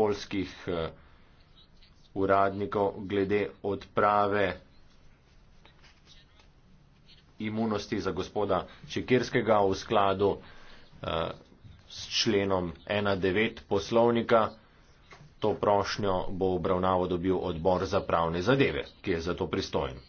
polskih eh, uradnikov glede odprave imunosti za gospoda Čekirskega v skladu eh, s členom 1.9 poslovnika. To prošnjo bo obravnavo dobil odbor za pravne zadeve, ki je za to pristojen.